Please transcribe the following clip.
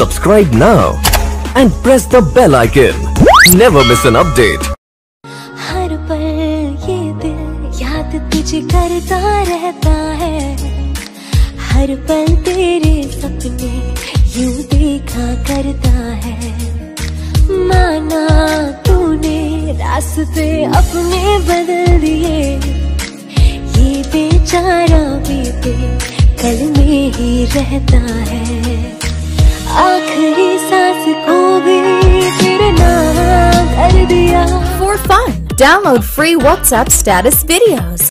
Subscribe now and press the bell icon. Never miss an update. हर पल ये दिल याद तुझे करता रहता है हर पल तेरे सपने यूं देखा करता है माना तूने रास्ते अपने बदल दिए ये बेचारा बीते कल में ही रहता है Download free WhatsApp status videos.